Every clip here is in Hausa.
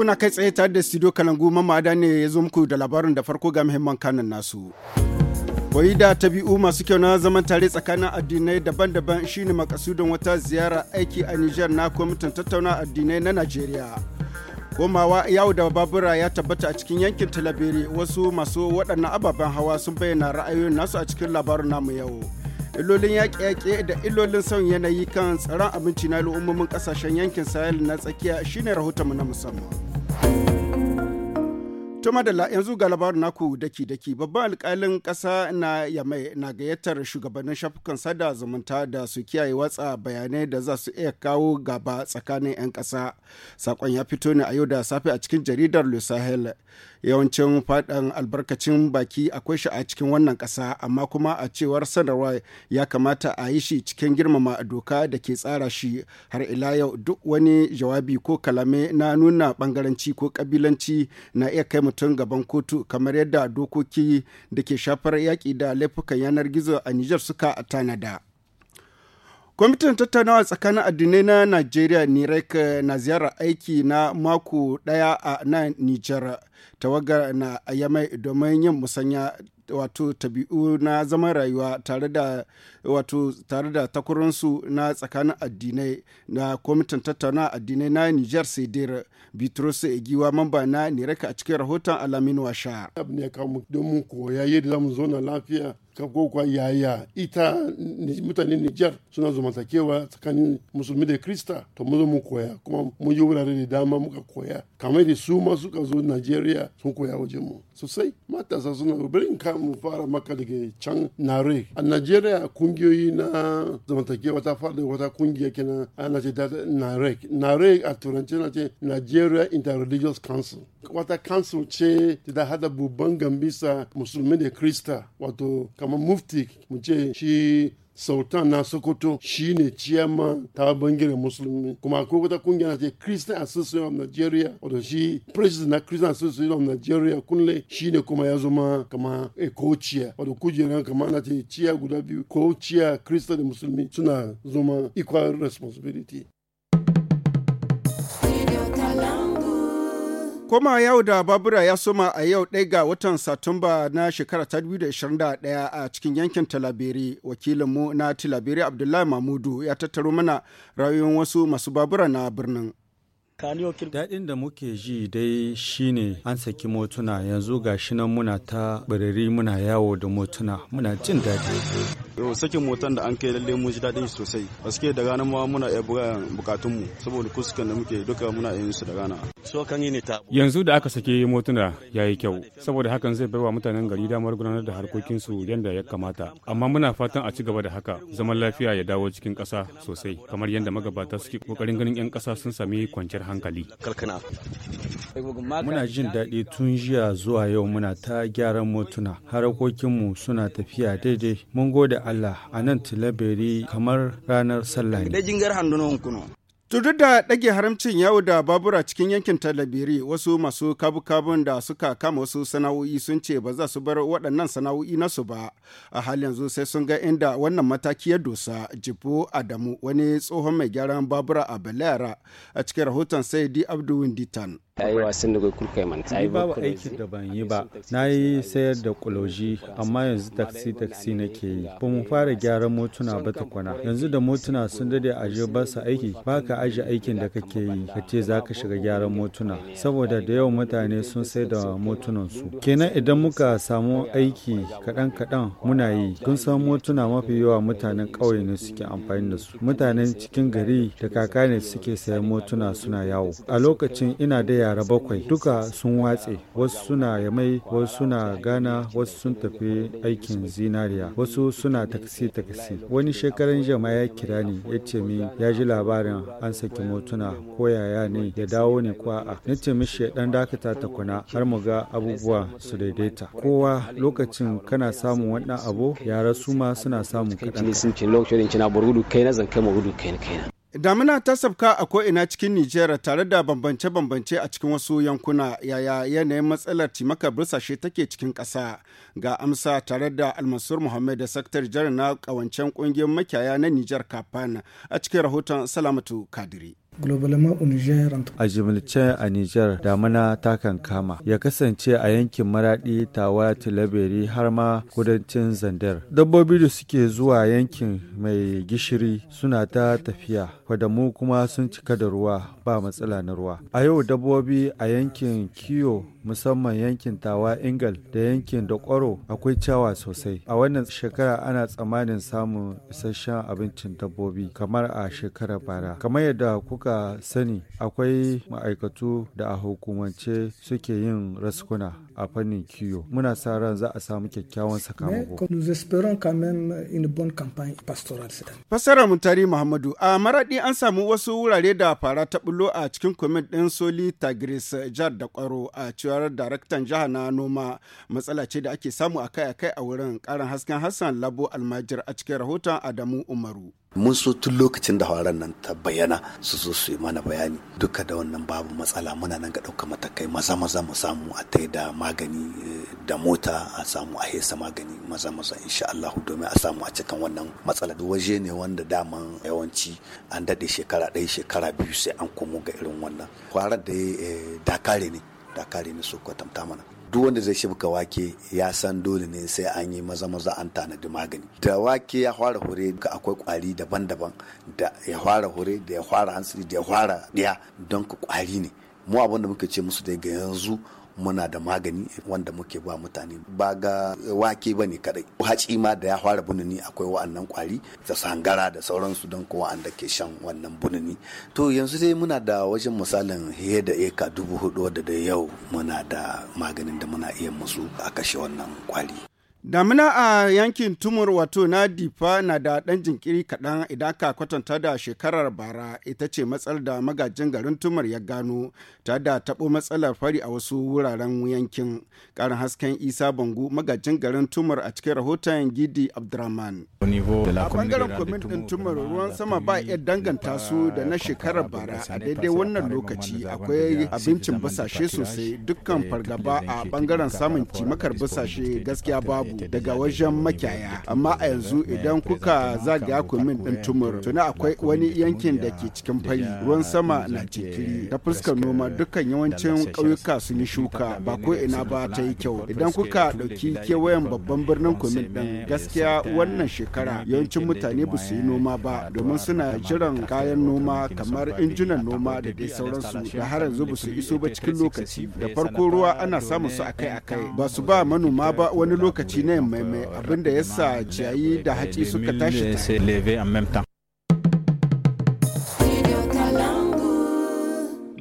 Kuna kai tsaye tare da studio Kalangu mamada ne ya zo muku da labarin da farko ga muhimman kanan nasu. Koyi da tabi'u masu kyau na zaman tare tsakanin addinai daban-daban shine makasudin wata ziyara aiki a niger na kwamitin tattauna addinai na Najeriya. komawa yawo da babura ya tabbata a cikin yankin talabere wasu masu waɗannan ababen hawa sun bayyana ra'ayoyin nasu a cikin labarin namu yau illolin yaƙe-yaƙe da illolin son yanayi kan tsaron abinci na al'ummomin ƙasashen yankin sahel na tsakiya shine rahotonmu na musamman To madalla yanzu ga labarin naku daki daki babban alkalin ƙasa na yamai na gayyatar shugabannin shafukan sada zumunta da su kiyaye watsa bayanai da za su iya kawo gaba tsakanin 'yan ƙasa Sakon ya fito ne a yau da safe a cikin jaridar Le yawancin faɗan albarkacin baki akwai shi a cikin wannan ƙasa amma kuma a cewar sanarwa ya kamata a yi shi cikin girmama doka da ke tsara shi har ila yau duk wani jawabi ko kalame na nuna ɓangaranci ko ƙabilanci na iya kai mutum gaban kotu kamar yadda dokoki da ke shafar yaƙi da laifukan yanar gizo a Nijar suka tanada. Kwamitin tattaunawa tsakanin addinai na Najeriya Nirek na ziyarar aiki na mako daya a nan Nijar tawagar na Yamai domin yin musanya wato tabi'u na zaman rayuwa tare da wato tare da takurinsu na tsakanin addinai na kwamitin tattaunawa addinai na Niger Sedir Bitrus Egiwa mamba na nirek a cikin rahoton Alamin Washa. Abu ne kamu koya yadda zamu zo na lafiya ko kuwa yaya ita mutane Nijar suna zamantakewa tsakanin musulmi da Krista to mu zo mu koya kuma mun yi wurare da dama muka koya kamar da su ma suka zo Najeriya sun koya wajen mu sosai matasa suna bari in ka mu fara maka daga can Nare a Najeriya kungiyoyi na zamantakewa ta fara wata kungiya kenan ana ce ta Nare Nare a turanci na ce Nigeria Interreligious Council wata council ce da hada babban gambisa musulmi da Krista wato kamar kamar mufti mu ce shi sautan na sokoto shine chairman ta bangare musulmi kuma akwai wata kungiya na ce christian association of nigeria wato shi president na christian association of nigeria kunle shine kuma ya zama kama e eh, kociya wato kujeran kama na ce ciya guda biyu kociya christian da musulmi suna zama equal responsibility Koma yau da babura ya soma a yau ɗaya ga watan Satumba na shekara ta 2021 a cikin yankin Talabiri. Wakilinmu na Talabiri Abdullahi Mamudu ya tattaro mana rayuwar wasu masu babura na birnin. Daɗin da muke ji dai shine an saki motuna yanzu ga shi nan muna ta biriri muna yawo da motuna muna jin daɗi. Yau sakin motan da an kai lalle mun ji daɗin sosai. da gana ma muna iya bukatun bukatunmu saboda kuskan da muke duka muna iya su da Yanzu da aka saki motuna ya yi kyau saboda hakan zai bai wa mutanen gari damar gudanar da harkokinsu yadda ya kamata. Amma muna fatan a ci gaba da haka zaman lafiya ya dawo cikin ƙasa sosai kamar yadda magabata suke ƙoƙarin ganin 'yan ƙasa sun sami kwanciyar hankali. Muna jin daɗi tun jiya zuwa yau muna ta gyaran motuna, harakokinmu suna tafiya daidai. Mun gode Allah a nan tilaberi kamar ranar sallah ne. tudu da ɗage haramcin yawo da babura cikin yankin talabiri wasu masu kabu-kabun da suka kama wasu sana'o'i sun ce ba za su bar waɗannan sana'o'i nasu ba. A hal yanzu sai sun ga inda wannan mataki ya dosa Jibo Adamu wani tsohon mai gyaran babura a Belayara a cikin rahoton Saidi Abdu Winditan. yi wasan da kurkai man ni babu aikin da ban yi ba na yi sayar da kuloji amma yanzu taksi taksi nake yi ba mu fara gyaran motuna ba tukuna yanzu da motuna sun dade a je ba su aiki ba ka aje aikin da kake yi ka ce za ka shiga gyaran motuna saboda da yawan mutane sun sai da motunan su kenan idan muka samu aiki kaɗan kaɗan muna yi kun san motuna mafi yawa mutanen ƙauye ne suke amfani da su mutanen cikin gari da kaka ne suke sayan motuna suna yawo a lokacin ina da yara yara bakwai duka sun watse wasu suna yamai wasu suna gana wasu sun tafi aikin zinariya wasu suna takasi takasi wani shekaran jama ya kira ni ya ce mi ya ji labarin an saki motuna ko yaya ne ya dawo ne ko a'a na ce shi dan dakata takuna har mu ga abubuwa su daidaita kowa lokacin kana samun wannan abu yara su ma suna samun kaɗan. Damina ta sabka a ko'ina cikin Nijera tare da bambance-bambance a cikin wasu yankuna yaya yanayin matsalar taimakar bursashe take cikin ƙasa ga amsa tare da Almasur Muhammad da Saktar Jar na ƙawancen ƙungiyar makiyaya na Nijar Kafan a cikin rahoton Salamatu Kadiri. A jimilce a niger damana ta kankama ya kasance a yankin maradi tawa tilaberi har ma kudancin zandar. Dabbobi da suke zuwa yankin mai gishiri suna ta tafiya, fadamu kuma sun cika da ruwa ba matsala na ruwa. A yau dabbobi a yankin kiyo musamman yankin tawa ingal da yankin da kwaro akwai cawa sosai. A wannan shekara ana tsammanin samun isasshen abincin dabbobi kamar a shekarar bara. Kamar yadda kuka kuka sani akwai ma'aikatu da a hukumance suke yin raskuna a fannin kiyo. Muna sa ran za a samu kyakkyawan sakamako. Fassara Muntari Muhammadu a maraɗi an samu wasu wurare da fara ta bulo a cikin kwamit ɗin Soli Tagris jihar da kwaro a cewar daraktan jiha na noma matsala ce da ake samu akai-akai a wurin ƙarin hasken Hassan Labo Almajir a cikin rahoton Adamu Umaru. mun so tun lokacin da hauren nan ta bayyana su zo su yi mana bayani duka da wannan babu matsala muna nan ga ɗaukar matakai maza maza mu samu a tai da magani eh, da mota a samu a hesa magani maza maza insha Allah domin a samu a cikin wannan matsala waje ne wanda daman yawanci an daɗe shekara ɗaya shekara biyu sai an komo ga irin wannan kwarar da eh, dakare ne dakare ne su kwatanta mana duk wanda zai shibka wake ya san dole ne sai an yi maza maza an tanadi magani da wake ya fara hure akwai kwari daban-daban da ya fara hure da ya fara hansiri da ya fara ɗaya don ka kwari ne mu abinda muka ce musu daga yanzu muna da magani wanda muke ba mutane ba ga wake ba ne kadai haci ma da ya fara bunani akwai wa'annan kwari da sangara da sauransu don kowa an da ke shan wannan bunani to yanzu dai muna da wajen misalin he da eka dubu hudu da da yau muna da maganin da muna iya musu a kashe wannan kwari Damina a yankin Tumur wato na Difa na da ɗan jinkiri kaɗan idan ka kwatanta da shekarar bara ita ce matsalar da magajin garin Tumur ya gano ta da taɓo matsalar fari a wasu wuraren yankin. Ƙarin hasken Isa Bangu magajin garin Tumur a cikin rahoton Gidi Abdurrahman. A ɓangaren kwamin ɗin Tumur ruwan sama ba iya danganta su da na shekarar bara a daidai wannan lokaci akwai abincin basashe sosai dukkan eh, fargaba a ɓangaren samun cimakar basashe gaskiya babu. daga wajen makyaya. amma a yanzu idan kuka zagaya kumin ɗin tumur tuni akwai wani yankin da ke cikin fari ruwan sama na jikiri ta fuskar noma dukkan yawancin ƙauyuka sun yi shuka ba ko ina ba ta yi kyau idan kuka ɗauki kewayen babban birnin kumin ɗin gaskiya wannan shekara yawancin mutane ba su yi noma ba domin suna jiran kayan noma kamar injunan noma da dai sauransu da har yanzu ba su iso ba cikin lokaci da farko ruwa ana samun su akai-akai ba su ba manoma ba wani lokaci litinin mai mai abinda ya sa ciyayi da haƙi suka tashi ta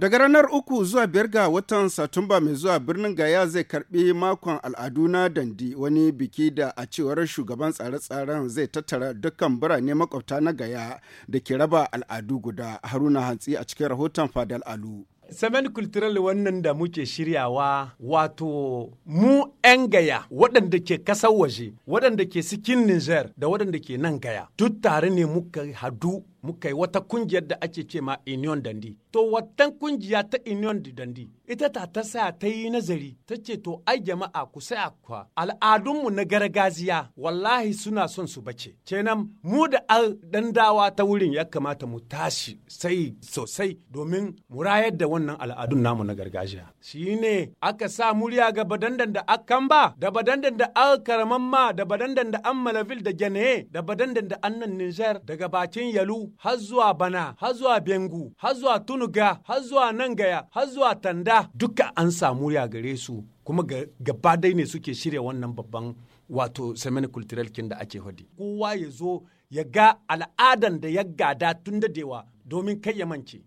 Daga ranar uku zuwa biyar ga watan Satumba mai zuwa birnin Gaya zai karbi makon al'adu na dandi wani biki da a cewar shugaban tsare-tsaren zai tattara dukkan birane makwabta na Gaya da ke raba al'adu guda Haruna Hantsi a cikin rahoton Fadal Alu. semen Cultural wannan da muke shiryawa wato mu 'yan gaya waɗanda ke ƙasar waje, waɗanda ke sikin Niger da waɗanda ke nan gaya. Duk tare ne muka hadu muka yi wata kungiyar da ake ce ma union dandi to watan kungiya ta union dandi ita ta ta saya ta yi nazari ta ce to ai jama'a ku saya kwa al'adunmu na gargajiya wallahi suna son su bace kenan mu da dandawa ta wurin ya kamata mu tashi sai sosai domin mu rayar da wannan al'adun namu na gargajiya shi shine aka sa murya ga badandan da akan ba da badandan da al karamamma ma da badandan da an malavil da jane. da badandan da annan Nijar daga bakin yalu har zuwa Bana har zuwa Bengu har zuwa Tunuga har zuwa Nangaya har zuwa Tanda duka an samu ya gare su kuma gaba dai ne suke shirya wannan babban wato semini cultural kin da ake hodi kowa ya zo ya ga al'adan da ya gada tun da domin kai ya mance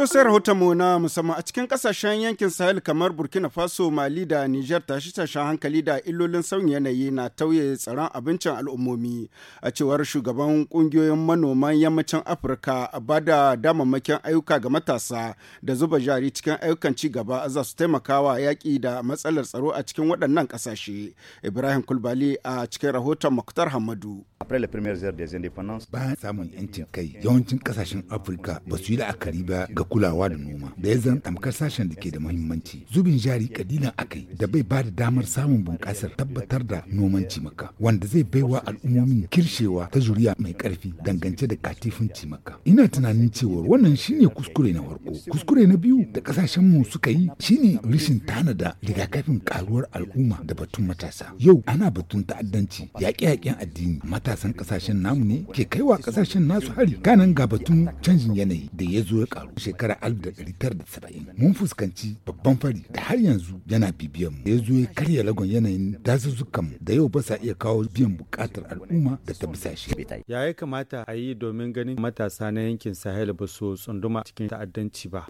To sai mu na musamman a cikin kasashen yankin Sahel kamar Burkina Faso, Mali da Nijar tashi tashen hankali da illolin sauyin yanayi na tauye tsaron abincin al'ummomi a cewar shugaban kungiyoyin manoman yammacin Afirka a da damammakin ayyuka ga matasa da zuba jari cikin ayyukan ci gaba za su taimaka wa yaƙi da matsalar tsaro a cikin waɗannan ƙasashe. Ibrahim Kulbali a cikin rahoton Muktar Hamadu. après les premières des indépendances. ba samun yancin kai yawancin kasashen Afirka ba su yi la'akari ba ga kulawa da noma da ya zan tamkar sashen da ke da muhimmanci. Zubin jari kadilan akai da bai ba da damar samun bunƙasar tabbatar da noman cimaka wanda zai baiwa al'ummomin kirshewa ta zuriya mai karfi dangance da katifin cimaka. Ina tunanin cewa wannan shine kuskure na farko. Kuskure na biyu da kasashen mu suka yi shine rishin tanada rigakafin karuwar al'umma da batun matasa. Yau ana batun ta'addanci yaƙe-yaƙen addini matasa matasan kasashen namu ne ke wa kasashen nasu hari kanan ga batun canjin yanayi da ya zo ya karu shekara 1970 mun fuskanci babban fari da har yanzu yana bibiyan mu da ya zo ya karya lagon yanayin dazuzzukan da yau ba sa iya kawo biyan bukatar al'umma da ta bisa shi ya ya kamata a yi domin ganin matasa na yankin sahel ba su tsunduma cikin ta'addanci ba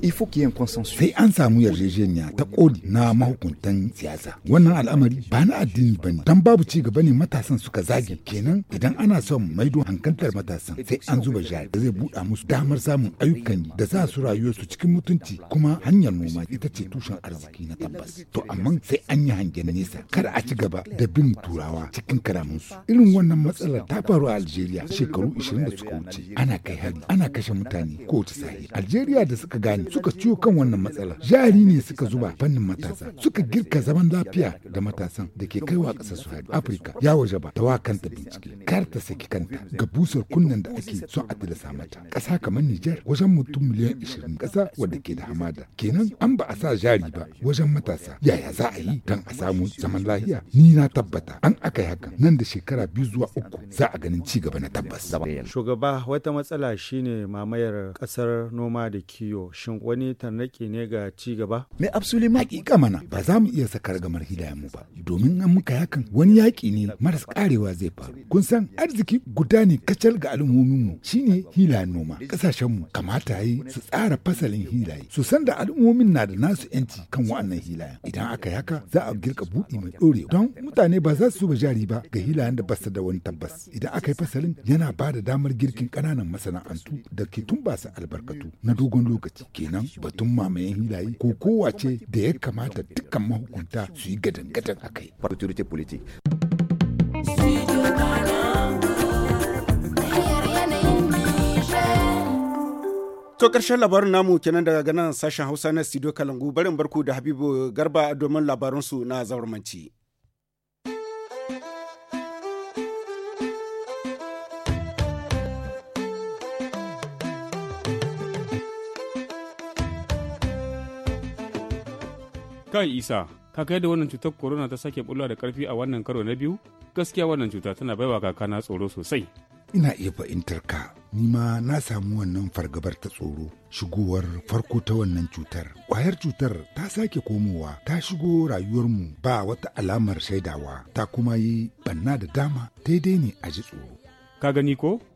sai an samu yarjejeniya ta koli na mahukuntan siyasa wannan al'amari ba na addini ne dan babu ci gaba ne matasan suka zage kenan idan ana son maido hankantar matasan sai an zuba jari da zai buɗa musu damar samun ayyukan yi da za su rayuwa su cikin mutunci kuma hanyar noma ita ce tushen arziki na tabbas. To amma sai an yi hange na nesa kar a ci gaba da bin turawa cikin karaminsu. Irin wannan matsalar ta faru a Algeria shekaru 20 da suka wuce. Ana kai hari ana kashe mutane kowace sahi. aljeriya da suka gane suka ciwo kan wannan matsalar jari ne suka zuba fannin matasa suka girka zaman lafiya da matasan da ke kaiwa ƙasar su hari. Afirka ya waje ba ta kanta bincike. ƙasar ta saki kanta ga busar kunnen da ake so a tilasa mata ƙasa kamar Nijar wajen mutum miliyan 20 kasa wadda ke da hamada kenan an ba a sa jari ba wajen matasa yaya za a yi don a samu zaman lafiya. ni na tabbata an aka yi haka nan da shekara biyu zuwa uku za a ganin ci gaba na tabbas shugaba wata matsala shine mamayar ƙasar noma da kiwo shin wani tarnaƙi ne ga ci gaba me absolutely hakika mana ba za mu iya sakar gamar hidayen mu ba domin an muka hakan wani yaƙi ne maras karewa zai faru kun san arziki guda ne kacal ga al'ummominmu shine hila noma mu kamata yi su tsara fasalin hilaye su san da al'ummomin na da nasu yanci kan wa'annan hilayen idan aka yi haka za a girka buɗi mai ɗorewa don mutane ba za su zuba jari ba ga hilayen da basu da wani tabbas idan aka yi fasalin yana ba da damar girkin ƙananan masana'antu da ke tumbasa albarkatu na dogon lokaci kenan batun mamayen hilaye ko kowace da ya kamata dukkan mahukunta su yi gadan-gadan a kai. To karshen labarin namu kenan daga ganin sashen Hausa na Studio Kalangu barin barku da Habibu Garba domin labaransu na zaurmanci. Kai Isa, ka kai da wannan cutar corona ta sake bulwa da karfi a wannan karo na biyu, gaskiya wannan cuta tana baiwa kakana tsoro sosai. Ina iya fahimtar ka Ni ma na samu wannan fargabar ta tsoro shigowar farko ta wannan cutar Kwayar cutar ta sake komowa ta shigo rayuwarmu ba wata alamar shaidawa ta kuma yi banna da dama daidai ne a ji tsoro ka gani ko